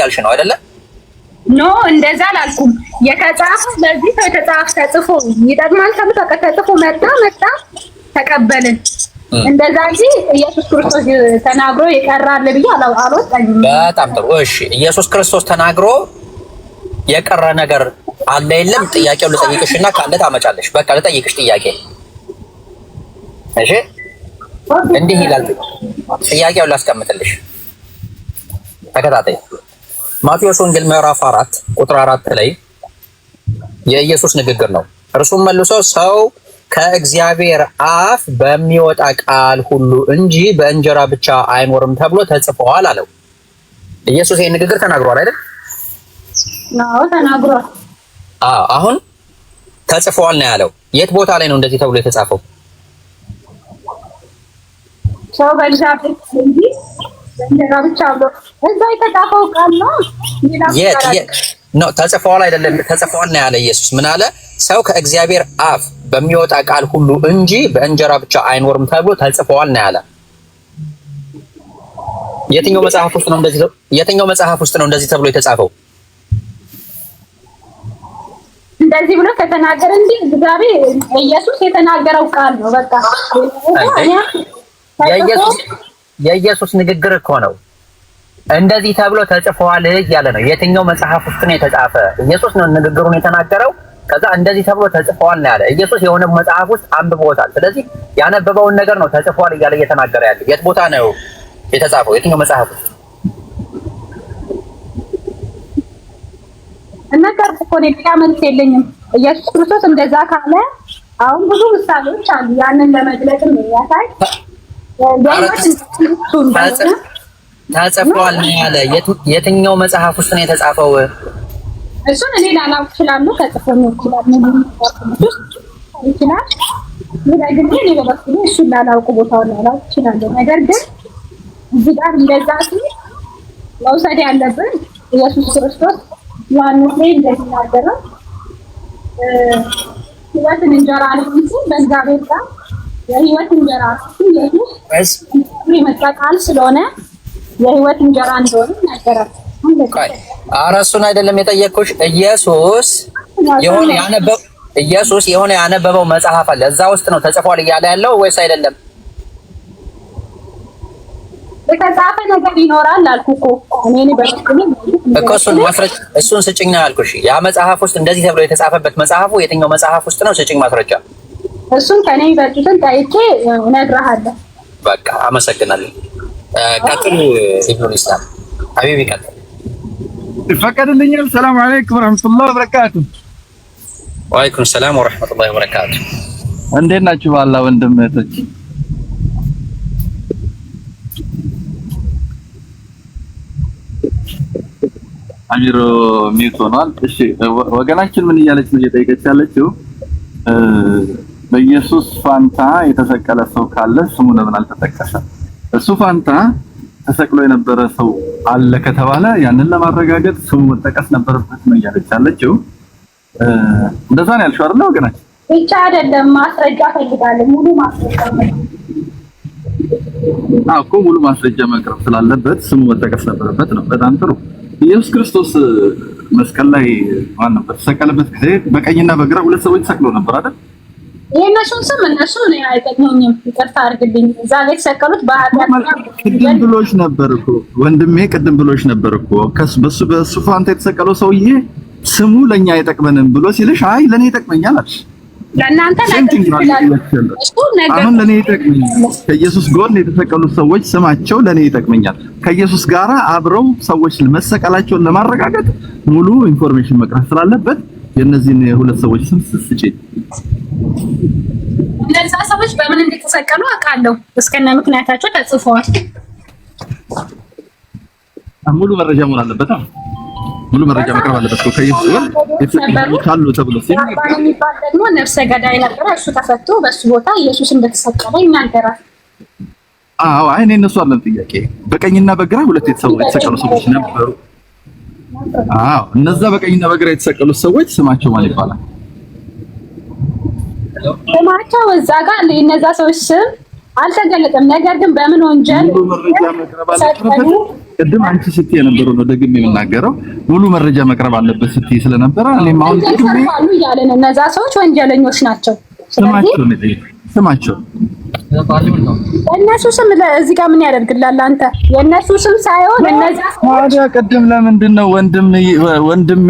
ያልሽ ነው አይደለ? ኖ እንደዛ አላልኩም። የተጻፈ በዚህ የተጻፈ ተጽፎ ይጠቅማል ተብሎ ተጽፎ መጣ መጣ ተቀበልን። እንደዛ እንጂ ኢየሱስ ክርስቶስ ተናግሮ ይቀራል ብዬ አልወጣኝም። በጣም ጥሩ እሺ። ኢየሱስ ክርስቶስ ተናግሮ የቀረ ነገር አለ የለም? ጥያቄው ልጠይቅሽ እና ካለ ታመጫለሽ። በቃ ልጠይቅሽ ጥያቄ። እሺ እንዲህ ይላል ጥያቄው፣ ላስቀምጥልሽ ተከታታይ ማቴዎስ ወንጌል ምዕራፍ አራት ቁጥር አራት ላይ የኢየሱስ ንግግር ነው። እርሱም መልሶ ሰው ከእግዚአብሔር አፍ በሚወጣ ቃል ሁሉ እንጂ በእንጀራ ብቻ አይኖርም ተብሎ ተጽፈዋል አለው። ኢየሱስ ይህን ንግግር ተናግሯል አይደል? አዎ ተናግሯል። አዎ አሁን ተጽፈዋል ነው ያለው። የት ቦታ ላይ ነው እንደዚህ ተብሎ የተጻፈው? ሰው በእግዚአብሔር ተጽፈዋል አይደለም፣ ተጽፈዋል ነው ያለ ኢየሱስ። ምን አለ? ሰው ከእግዚአብሔር አፍ በሚወጣ ቃል ሁሉ እንጂ በእንጀራ ብቻ አይኖርም ተብሎ ተጽፈዋል ነው ያለ። የትኛው መጽሐፍ ውስጥ ነው እንደዚህ የትኛው መጽሐፍ ውስጥ ነው እንደዚህ ተብሎ የተጻፈው? እንደዚህ ብሎ ከተናገረ እንጂ እግዚአብሔር ኢየሱስ የተናገረው ቃል ነው። በቃ የኢየሱስ ንግግር እኮ ነው። እንደዚህ ተብሎ ተጽፏል እያለ ነው። የትኛው መጽሐፍ ውስጥ ነው የተጻፈ? ኢየሱስ ነው ንግግሩን የተናገረው። ከዛ እንደዚህ ተብሎ ተጽፏል ነው ያለ። ኢየሱስ የሆነ መጽሐፍ ውስጥ አንብቦታል። ስለዚህ ያነበበውን ነገር ነው ተጽፏል እያለ እየተናገረ ያለ። የት ቦታ ነው የተጻፈው? የትኛው መጽሐፍ ውስጥ? ነገር እኮ ነው መልስ የለኝም። ኢየሱስ ክርስቶስ እንደዛ ካለ አሁን ብዙ ምሳሌዎች አሉ ያንን ለመግለጽም የሚያሳይ ተጽፏል ነው ያለ። የትኛው መጽሐፍ ውስጥ ነው የተጻፈው? እሱን እኔ ላላውቅ እችላለሁ። ተጽፎ ነው ይችላል ነገር ግን እኔ በበኩሌ እሱን ላላውቅ ቦታውን ላላውቅ እችላለሁ። ነገር ግን እዚህ ጋር እንደዛ ሲል መውሰድ ያለብን ኢየሱስ ክርስቶስ ዮሐንስ ላይ እንደሚናገረው ሕይወትን እንጀራ ነው እንጂ በእግዚአብሔር ጋር የህይወት እንጀራ የመጣ ቃል ስለሆነ የህይወት እንጀራ እንደሆነ ይናገራል። ኧረ እሱን አይደለም የጠየቅኩሽ። ኢየሱስ የሆነ ያነበብ ኢየሱስ የሆነ ያነበበው መጽሐፍ አለ እዛ ውስጥ ነው ተጽፏል እያለ ያለው ወይስ አይደለም? የተጻፈ ነገር ይኖራል አልኩ እኮ እኔ በትክክል እኮ እሱን ማስረጃ እሱን ስጭኝ ነው ያልኩሽ። ያ መጽሐፍ ውስጥ እንደዚህ ተብሎ የተጻፈበት መጽሐፉ የትኛው መጽሐፍ ውስጥ ነው? ስጭኝ ማስረጃ እሱም ከኔ የሚበልጡትን ጠይቄ እነግርሃለሁ። በቃ አመሰግናለሁ። ቀጥሉ ኢብኑል ኢስላም ሀቢብ ይቀጥል። ይፈቀድልኛል። ሰላም አለይኩም ወረህመቱላሂ ወበረካቱ። ወአለይኩም ሰላም ወረህመቱላሂ ወበረካቱ። እንዴት ናችሁ? ባላ ወንድም እህቶች አሚሮ ሚውት ሆኗል። እሺ ወገናችን ምን እያለች ነው እየጠየቀች ያለችው? በኢየሱስ ፋንታ የተሰቀለ ሰው ካለ ስሙ ለምን አልተጠቀሰ? እሱ ፋንታ ተሰቅሎ የነበረ ሰው አለ ከተባለ ያንን ለማረጋገጥ ስሙ መጠቀስ ነበረበት ነው እያለች አለችው። እንደዛ ነው ያልሽው አይደለ? ወገናችን ብቻ አይደለም ማስረጃ ፈልጋለሁ። ሙሉ ማስረጃ እኮ ሙሉ ማስረጃ መቅረብ ስላለበት ስሙ መጠቀስ ነበረበት ነው። በጣም ጥሩ። ኢየሱስ ክርስቶስ መስቀል ላይ ማን ነበር ተሰቀለበት ጊዜ በቀኝና በግራ ሁለት ሰዎች ተሰቅለው ነበር አይደል? የእነሱን ስም እነሱ እኔ አይጠቅመኝም፣ ይቅርታ አድርግልኝ። እዛ ላይ የተሰቀሉት ቅድም ብሎች ነበር እኮ ወንድሜ፣ ቅድም ብሎች ነበር እኮ በሱ በሱ ፋንታ የተሰቀለው ሰውዬ ስሙ ለእኛ አይጠቅመንም ብሎ ሲልሽ፣ አይ ለእኔ ይጠቅመኛል አልሽ። ለእናንተ አሁን ለእኔ ይጠቅመኛል። ከኢየሱስ ጎን የተሰቀሉት ሰዎች ስማቸው ለእኔ ይጠቅመኛል። ከኢየሱስ ጋራ አብረው ሰዎች መሰቀላቸውን ለማረጋገጥ ሙሉ ኢንፎርሜሽን መቅረብ ስላለበት የእነዚህን የሁለት ሰዎች ስም ስጭኝ። እነዛ ሰዎች በምን እንደተሰቀሉ አውቃለሁ። እስከነ ምክንያታቸው ተጽፈዋል። ሙሉ መረጃ መሆን አለበት። ሙሉ መረጃ መቅረብ አለበት። ካሉ ተብሎ የሚባል ደግሞ ነፍሰ ገዳይ ነበረ። እሱ ተፈቶ በእሱ ቦታ ኢየሱስ እንደተሰቀለ ይናገራል። አዎ፣ አይኔ እነሱ አለን ጥያቄ። በቀኝና በግራ ሁለት የተሰቀሉ ሰዎች ነበሩ። አዎ እነዛ በቀኝና በግራ የተሰቀሉት ሰዎች ስማቸው ማን ይባላል? ስማቸው እዛ ጋር እነዛ ሰዎች ስም አልተገለጠም። ነገር ግን በምን ወንጀል ቅድም አንቺ ስትይ የነበረው ነው ደግሜ የምናገረው ሙሉ መረጃ መቅረብ አለበት ስትይ ስለነበረ እኔም አሁን እያለን እነዛ ሰዎች ወንጀለኞች ናቸው ስማቸውን ስማቸው የእነሱ ስም እዚህ ጋር ምን ያደርግላል? አንተ የእነሱ ስም ሳይሆን እነዛ ታዲያ ቅድም ለምንድን ነው ወንድሜ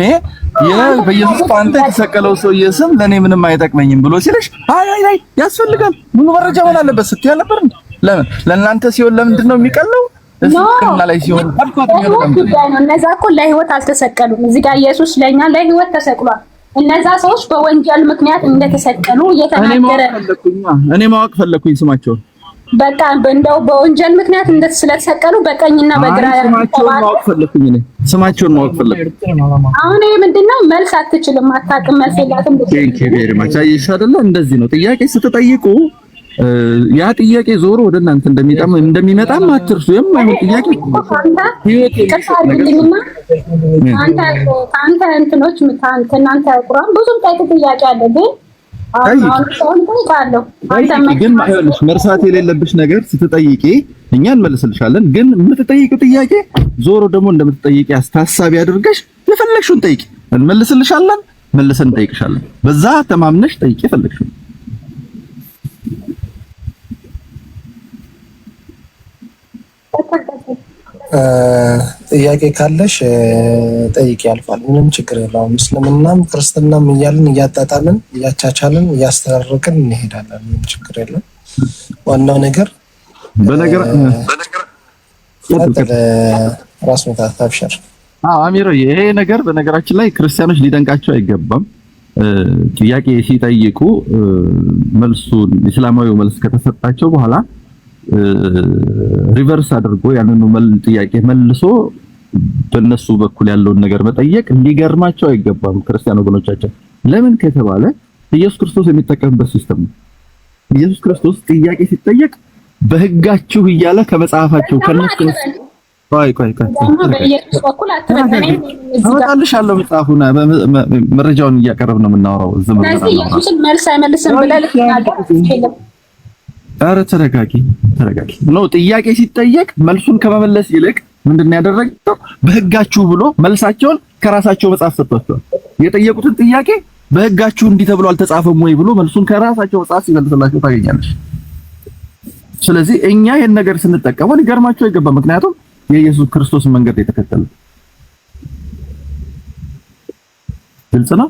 በኢየሱስ ፋንታ የተሰቀለው ሰውዬ ስም ለእኔ ምንም አይጠቅመኝም ብሎ ሲልሽ አይ አይ አይ ያስፈልጋል ምኑ መረጃ መሆን አለበት ስትይ አልነበር? ለምን ለእናንተ ሲሆን ለምንድን ነው የሚቀለው? እስከና ላይ ሲሆን እነዛ እኮ ለህይወት አልተሰቀሉም። እዚህ ጋር ኢየሱስ ለእኛ ለህይወት ተሰቅሏል። እነዛ ሰዎች በወንጀል ምክንያት እንደተሰቀሉ እየተናገረ እኔ ማወቅ ፈለኩኝ ስማቸውን በቃ እንደው በወንጀል ምክንያት ስለተሰቀሉ በቀኝና በግራ ስማቸውን ማወቅ ፈለኩኝ። እኔ ስማቸውን ማወቅ ፈለኩኝ። አሁን ይሄ ምንድነው? መልስ አትችልም፣ አታውቅም፣ መልስ የላትም። ቴንክ ዩ ቬሪ ማች። አየሽ አይደለ? እንደዚህ ነው ጥያቄ ስትጠይቁ ያ ጥያቄ ዞሮ ወደ እናንተ እንደሚጣም እንደሚመጣም አትርሱ። የማይሆን ጥያቄ ከአንተ እንትኖች ከእናንተ ቁራን ብዙም ጠይቅ ጥያቄ አለ ግን ግን መርሳት የሌለብሽ ነገር ስትጠይቂ እኛ እንመልስልሻለን። ግን የምትጠይቂው ጥያቄ ዞሮ ደግሞ እንደምትጠይቂ አስተሳቢ አድርገሽ የፈለግሽውን ጠይቂ፣ እንመልስልሻለን። መልሰን እንጠይቅሻለን። በዛ ተማምነሽ ጠይቂ የፈለግሽውን ጥያቄ ካለሽ ጠይቅ ያልፋል። ምንም ችግር የለውም። እስልምናም ክርስትናም እያልን እያጣጣምን እያቻቻልን እያስተራርቅን እንሄዳለን። ምንም ችግር የለም። ዋናው ነገር ራስ አሚሮ ይሄ ነገር በነገራችን ላይ ክርስቲያኖች ሊደንቃቸው አይገባም። ጥያቄ ሲጠይቁ መልሱን እስላማዊ መልስ ከተሰጣቸው በኋላ ሪቨርስ አድርጎ ያንን ጥያቄ መልሶ በነሱ በኩል ያለውን ነገር መጠየቅ ሊገርማቸው አይገባም። ክርስቲያን ወገኖቻችን ለምን ከተባለ ኢየሱስ ክርስቶስ የሚጠቀምበት ሲስተም ነው። ኢየሱስ ክርስቶስ ጥያቄ ሲጠየቅ በህጋቸው እያለ ከመጽሐፋቸው ከነሱ ቆይ ቆይ ቆይ አመጣልሻለሁ መጽሐፉን መረጃውን እያቀረብ ነው የምናወራው። ዝም ብለህ ኢየሱስን መልስ አይመልስም ብለህ ልትናገር አረ ተረጋጊ ተረጋጊ። ነው ጥያቄ ሲጠየቅ መልሱን ከመመለስ ይልቅ ምንድን ነው ያደረገው? በህጋችሁ ብሎ መልሳቸውን ከራሳቸው መጽሐፍ ሰጥቷቸዋል። የጠየቁትን ጥያቄ በህጋችሁ እንዲህ ተብሎ አልተጻፈም ወይ ብሎ መልሱን ከራሳቸው መጽሐፍ ሲመልስላቸው ታገኛለች። ስለዚህ እኛ ይህን ነገር ስንጠቀመው ሊገርማቸው ይገባ ምክንያቱም የኢየሱስ ክርስቶስ መንገድ የተከተለ ግልጽ ነው።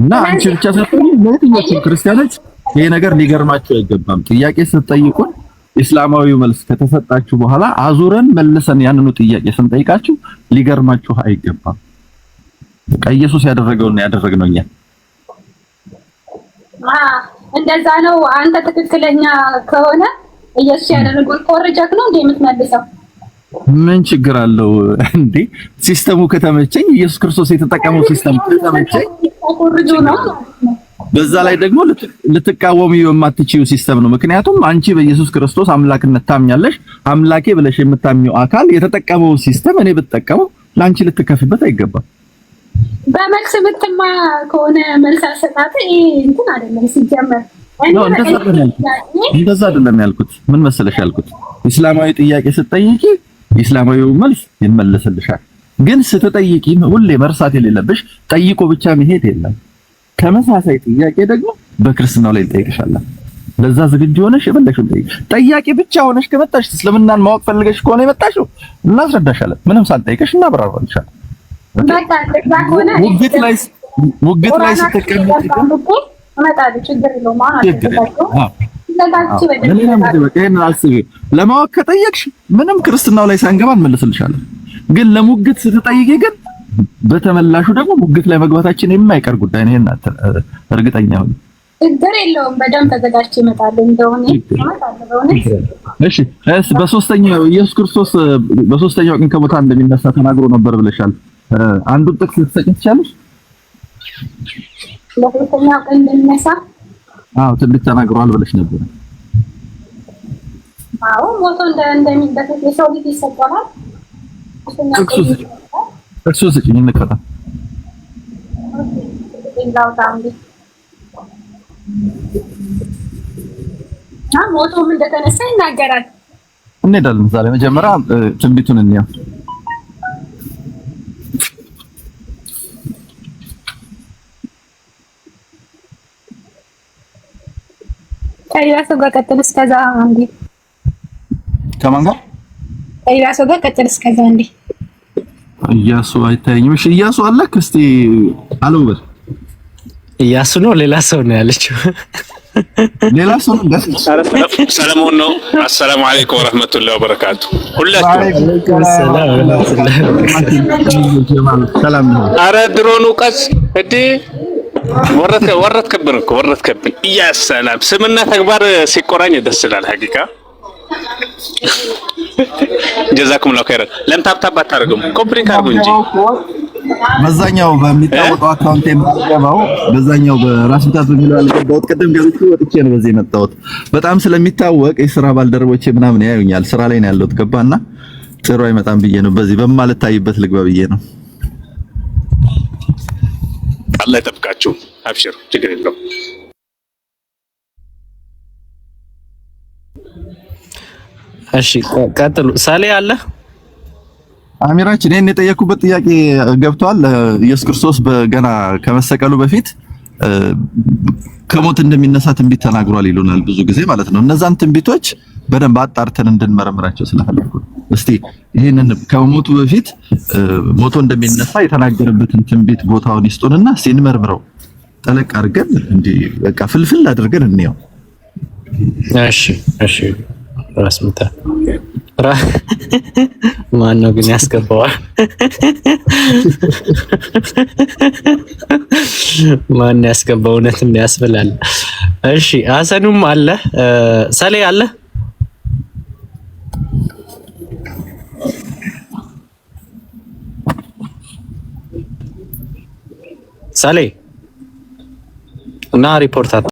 እና አንቺ ብቻ ሳትሆን ለየትኞቹም ክርስቲያኖች ይሄ ነገር ሊገርማቸው አይገባም። ጥያቄ ስትጠይቁን እስላማዊ መልስ ከተሰጣችሁ በኋላ አዙረን መልሰን ያንኑ ጥያቄ ስንጠይቃችሁ ሊገርማችሁ አይገባም። በቃ ኢየሱስ ያደረገውና ያደረግነው እኛ እንደዛ ነው። አንተ ትክክለኛ ከሆነ ኢየሱስ ያደረገውን ኮረጃክ ነው እንዴ የምትመልሰው? ምን ችግር አለው እንዴ? ሲስተሙ ከተመቸኝ ኢየሱስ ክርስቶስ የተጠቀመው ሲስተም ከተመቸኝ በዛ ላይ ደግሞ ልትቃወሚ የማትችዩ ሲስተም ነው። ምክንያቱም አንቺ በኢየሱስ ክርስቶስ አምላክነት ታምኛለሽ። አምላኬ ብለሽ የምታምኘው አካል የተጠቀመው ሲስተም እኔ ብትጠቀመው ለአንቺ ልትከፊበት አይገባም። በመልስ ምትማ ከሆነ መልስ አሰጣጥ እንትን አይደለም ሲጀመር እንደዛ አይደለም ያልኩት። ምን መሰለሽ ያልኩት፣ እስላማዊ ጥያቄ ስትጠይቂ ኢስላማዊው መልስ ይመለስልሻል። ግን ስትጠይቂ ሁሌ መርሳት የሌለብሽ ጠይቆ ብቻ መሄድ የለም። ተመሳሳይ ጥያቄ ደግሞ በክርስትናው ላይ ልጠይቅሻለሁ። ለዛ ዝግጁ ሆነሽ የፈለግሽውን ጠይቂ። ጠያቂ ብቻ ሆነሽ ከመጣሽ እስልምናን ማወቅ ፈልገሽ ከሆነ የመጣሽው እናስረዳሻለን። ምንም ሳንጠይቅሽ እናብራራልሻለን። ውግት ላይ ውግት ላይ ስትቀመጥ ለማወቅ ከጠየቅሽ ምንም ክርስትናው ላይ ሳንገባ እንመልስልሻለን። ግን ለሙግት ስትጠይቂ ግን በተመላሹ ደግሞ ሙግት ላይ መግባታችን የማይቀር ጉዳይ ነው። ይሄን እርግጠኛ ሁኝ። ችግር የለውም። በደንብ ተዘጋጅቼ እመጣለሁ። እንደሆነ እሺ፣ እስ በሶስተኛው ኢየሱስ ክርስቶስ በሶስተኛው ቀን ከሞት እንደሚነሳ ተናግሮ ነበር ብለሻል። አንዱን ጥቅስ ልትሰጪኝ ትችያለሽ? በሶስተኛው ቀን እንደሚነሳ አዎ፣ ትንቢት ተናግሯል ብለሽ ነበር። አዎ፣ ሞቶ እንደሚበተት የሰው ልጅ ይሰቀላል Как суточек? Как суточек, не наката. ሞቶም እንደተነሳ ይናገራል። እንሄዳለን። ዛሬ መጀመሪያ ትንቢቱን እንያ ከሌላ ሰው ጋር ቀጥል። እስከዛ አንዴ ከማን ጋር ከሌላ ሰው ጋር ቀጥል። እስከዛ እንዴ እያሱ አይታየኝም። እሺ እያሱ አላክ እስቲ አለው በል እያሱ ነው ሌላ ሰው ነው ያለችው። ሌላ ሰው ነው ሰለሞን ነው። አሰላሙ አለይኩም ወራህመቱላሂ ወበረካቱ። ሁላችሁም ሰላም ነው። አረ ድሮኑ ቀስ እዲ ወረድከብን እኮ ወረድከብን። እያ ሰላም ስምና ተግባር ሲቆራኝ ደስ ይላል ሀቂቃ ጀዛኩም ላ ከረ ለምን ታፕታፕ አታደርገውም? ኮምፕሊንክ አድርገው እንጂ በዛኛው በሚታወቀው አካውንት የምትገባው በዛኛው በራስ ምታት በሚለው አልገባሁት። ቅድም ገብቼ ወጥቼ ነው በዚህ የመጣሁት። በጣም ስለሚታወቅ የስራ ባልደረቦቼ ምናምን ያዩኛል። ስራ ላይ ነው ያለሁት። ገባና ጥሩ አይመጣም ብዬ ነው በዚህ በማልታይበት ልግባ ብዬ ነው። አላህ ይጠብቃችሁ። አብሽር፣ ችግር የለውም። እሺ ቀጥሉ። ሳሌ አለ አሚራችን እኔ የጠየኩበት ጥያቄ ገብቷል። ኢየሱስ ክርስቶስ በገና ከመሰቀሉ በፊት ከሞት እንደሚነሳ ትንቢት ተናግሯል ይሉናል ብዙ ጊዜ ማለት ነው። እነዛን ትንቢቶች በደንብ አጣርተን እንድንመረምራቸው ስለፈለኩ እስቲ ይሄንን ከሞቱ በፊት ሞቶ እንደሚነሳ የተናገረበትን ትንቢት ቦታውን ይስጡንና እስቲ እንመርምረው። ጠለቅ አድርገን እንዲህ በቃ ፍልፍል አድርገን እንየው። እሺ እሺ ራስ ምታት ማን ነው ግን ያስገባዋል? ማን ያስገባው? እውነትም ያስብላል። እሺ አሰኑም አለ ሰሌ አለ ሰሌ እና ሪፖርት